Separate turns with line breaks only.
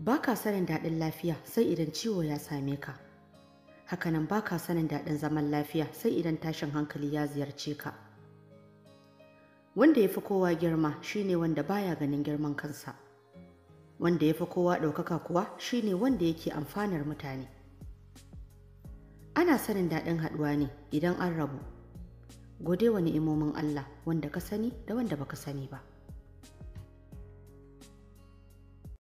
ba ka sanin daɗin lafiya sai idan ciwo ya same ka hakanan ba ka sanin daɗin zaman lafiya sai idan tashin hankali ya ziyarce ka wanda ya fi kowa girma shine wanda baya ganin girman kansa wanda ya fi kowa ɗaukaka kuwa shine wanda yake amfanar mutane ana sanin daɗin haɗuwa ne idan an rabu gode wa ni'imomin Allah wanda ka sani da wanda baka sani ba.